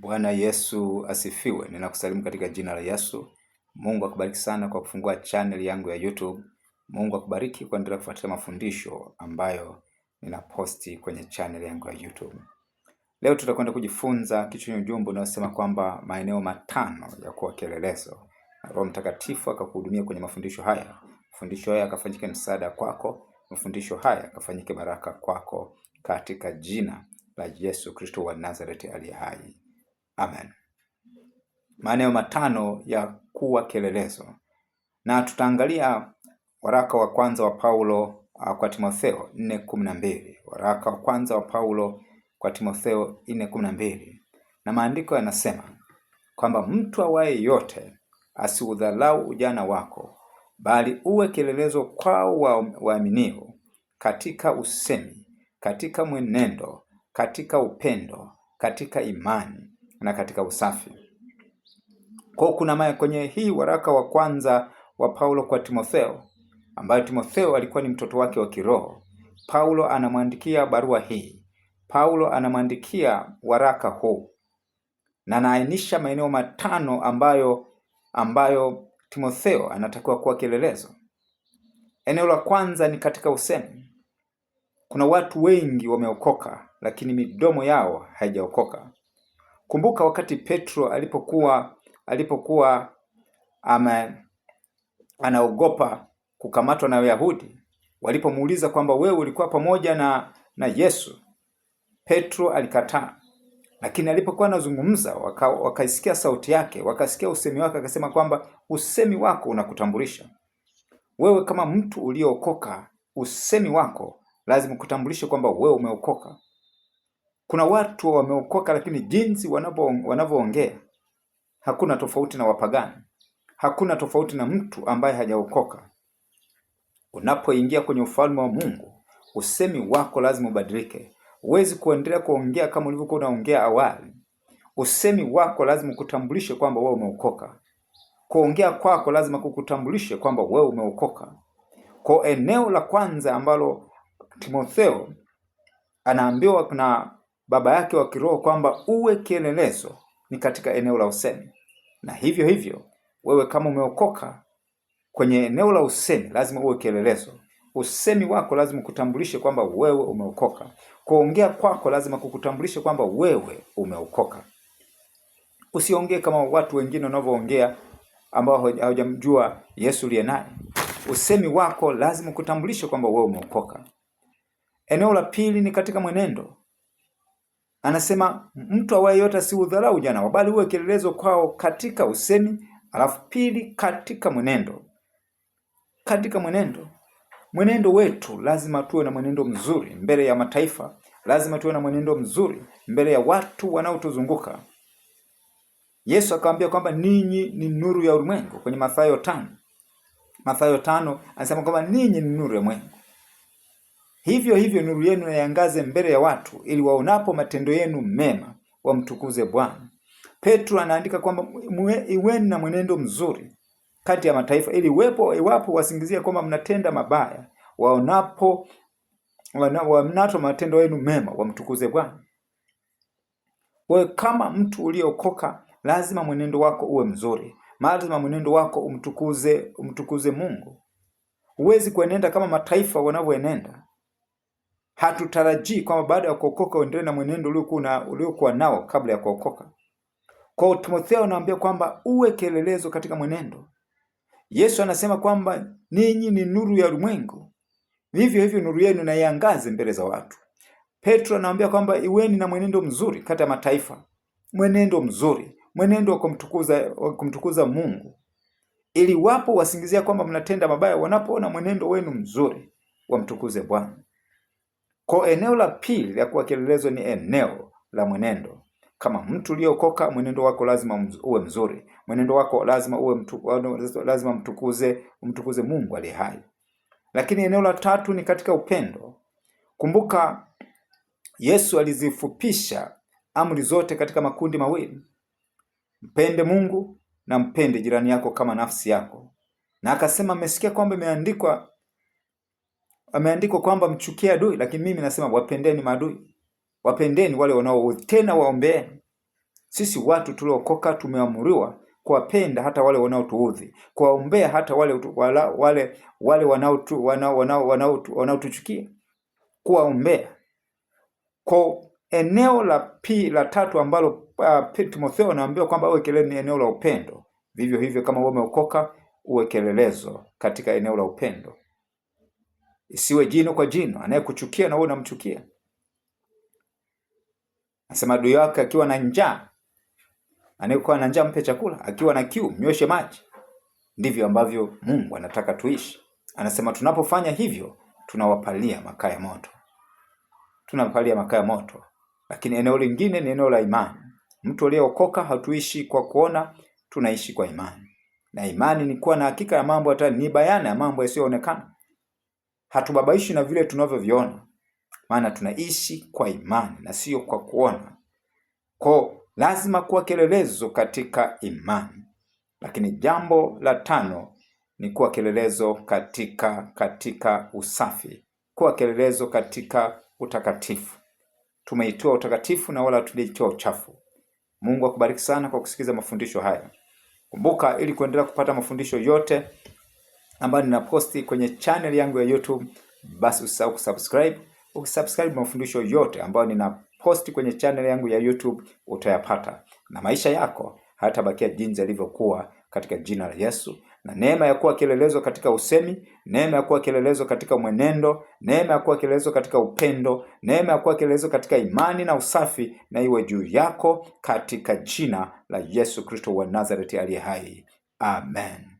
Bwana Yesu asifiwe. Ninakusalimu katika jina la Yesu. Mungu akubariki sana kwa kufungua channel yangu ya YouTube. Mungu akubariki kuendelea kufuatilia mafundisho ambayo ninaposti kwenye channel yangu ya YouTube. Leo tutakwenda kujifunza kichwa chenye ujumbe unaosema kwamba maeneo matano ya kuwa kielelezo. Roho Mtakatifu akakuhudumia kwenye mafundisho haya. Mafundisho haya akafanyike msaada kwako. Mafundisho haya akafanyike baraka kwako katika jina la Yesu Kristo wa Nazareti aliye hai. Amen. Maeneo matano ya kuwa kielelezo, na tutaangalia waraka wa kwanza wa Paulo uh, kwa Timotheo nne kumi na mbili waraka wa kwanza wa Paulo kwa Timotheo nne kumi na mbili na maandiko yanasema kwamba mtu awaye yote asiudhalau ujana wako, bali uwe kielelezo kwao waaminio katika usemi, katika mwenendo, katika upendo, katika imani, na katika usafi. Kwa kuna kwenye hii waraka wa kwanza wa Paulo kwa Timotheo, ambayo Timotheo alikuwa ni mtoto wake wa kiroho, Paulo anamwandikia barua hii, Paulo anamwandikia waraka huu, na anaainisha maeneo matano ambayo ambayo Timotheo anatakiwa kuwa kielelezo. Eneo la kwanza ni katika usemi. Kuna watu wengi wameokoka, lakini midomo yao haijaokoka. Kumbuka wakati Petro alipokuwa alipokuwa ama, anaogopa kukamatwa na Wayahudi walipomuuliza kwamba wewe ulikuwa pamoja na na Yesu, Petro alikataa, lakini alipokuwa anazungumza waka, wakaisikia sauti yake, wakasikia usemi wake, akasema kwamba usemi wako unakutambulisha wewe kama mtu uliookoka Usemi wako lazima kutambulishe kwamba wewe umeokoka. Kuna watu wameokoka, lakini jinsi wanavyoongea hakuna tofauti na wapagani, hakuna tofauti na mtu ambaye hajaokoka. Unapoingia kwenye ufalme wa Mungu, usemi wako lazima ubadilike. Huwezi kuendelea kuongea kama ulivyokuwa unaongea awali. Usemi wako lazima ukutambulishe kwamba wewe umeokoka. Kuongea kwako lazima kukutambulishe kwamba wewe umeokoka. Kwa eneo la kwanza ambalo Timotheo anaambiwa kuna baba yake wa kiroho kwamba uwe kielelezo ni katika eneo la usemi, na hivyo hivyo wewe kama umeokoka kwenye eneo la usemi lazima uwe kielelezo. Usemi wako lazima kutambulishe kwamba wewe umeokoka. Kuongea kwako lazima kukutambulishe kwamba wewe umeokoka. Usiongee kama watu wengine wanavyoongea ambao hawajamjua Yesu uliye naye. Usemi wako lazima kutambulishe kwamba wewe umeokoka. Eneo la pili ni katika mwenendo anasema mtu awaye yote asiudharau ujana wao, bali uwe kielelezo kwao katika usemi, alafu pili, katika mwenendo. Katika mwenendo, mwenendo wetu lazima tuwe na mwenendo mzuri mbele ya mataifa, lazima tuwe na mwenendo mzuri mbele ya watu wanaotuzunguka. Yesu akamwambia kwamba ninyi ni nuru ya ulimwengu kwenye Mathayo tano. Mathayo tano anasema kwamba ninyi ni nuru ya ulimwengu. Hivyo hivyo nuru yenu yaangaze mbele ya watu, ili waonapo matendo yenu mema wamtukuze Bwana. Petro anaandika kwamba iweni na mwenendo mzuri kati ya mataifa, ili wepo iwapo wasingizie kwamba mnatenda mabaya, waonapo wamnato matendo yenu mema wamtukuze Bwana. Wewe kama mtu uliokoka, lazima mwenendo wako uwe mzuri, lazima mwenendo wako umtukuze umtukuze Mungu. Huwezi kuenenda kama mataifa wanavyoenenda. Hatutarajii kwamba baada ya kuokoka uendelee na mwenendo uliokuwa uliokuwa nao kabla ya kuokoka. Kwa Timotheo anaambia kwamba uwe kielelezo katika mwenendo. Yesu anasema kwamba ninyi ni nuru ya ulimwengu, vivyo hivyo nuru yenu naiangaze mbele za watu. Petro anaambia kwamba iweni na mwenendo mzuri kati ya mataifa, mwenendo mzuri, mwenendo wa kumtukuza, wa kumtukuza Mungu, ili wapo wasingizia kwamba mnatenda mabaya, wanapoona mwenendo wenu mzuri wamtukuze Bwana. Kwa eneo la pili la kuwa kielelezo ni eneo la mwenendo. Kama mtu uliokoka, mwenendo wako lazima uwe mzuri, mwenendo wako lazima uwe mtu, lazima mtukuze, mtukuze Mungu aliye hai. Lakini eneo la tatu ni katika upendo. Kumbuka Yesu alizifupisha amri zote katika makundi mawili, mpende Mungu na mpende jirani yako kama nafsi yako, na akasema, mmesikia kwamba imeandikwa ameandikwa kwamba mchukie adui, lakini mimi nasema wapendeni maadui, wapendeni wale wanao tena waombeeni. Sisi watu tuliokoka tumeamuriwa kuwapenda hata wale wanaotuudhi, kuwaombea hata wale wala, wale wale wanaotu wanaotuchukia kuwaombea. Kwa eneo la pi la tatu ambalo uh, Timotheo anaambiwa kwamba uwe kelele ni eneo la upendo. Vivyo hivyo kama wewe umeokoka uwe katika eneo la upendo isiwe jino kwa jino, anayekuchukia na wewe unamchukia. Nasema adui wake akiwa na njaa, anayekuwa na njaa mpe chakula, akiwa na kiu mnyoshe maji. Ndivyo ambavyo Mungu anataka tuishi. Anasema tunapofanya hivyo, tunawapalia makaa ya moto, tunapalia makaa ya moto. Lakini eneo lingine ni eneo la imani. Mtu aliyeokoka hatuishi kwa kuona, tunaishi kwa imani, na imani ni kuwa na hakika ya mambo hata ni bayana ya mambo yasiyoonekana hatubabaishi na vile tunavyoviona, maana tunaishi kwa imani na sio kwa kuona. Ko lazima kuwa kielelezo katika imani. Lakini jambo la tano ni kuwa kielelezo katika katika usafi, kuwa kielelezo katika utakatifu. Tumeitoa utakatifu na wala hatujaitoa uchafu. Mungu akubariki sana kwa kusikiza mafundisho haya. Kumbuka, ili kuendelea kupata mafundisho yote ambayo ninaposti kwenye channel yangu ya YouTube, basi usisahau kusubscribe. Ukisubscribe, mafundisho yote ambayo ninaposti kwenye channel yangu ya YouTube utayapata, na maisha yako hayatabakia jinsi yalivyokuwa katika jina la Yesu. Na neema ya kuwa kielelezo katika usemi, neema ya kuwa kielelezo katika mwenendo, neema ya kuwa kielelezo katika upendo, neema ya kuwa kielelezo katika imani na usafi, na iwe juu yako katika jina la Yesu Kristo wa Nazareti aliye hai. Amen.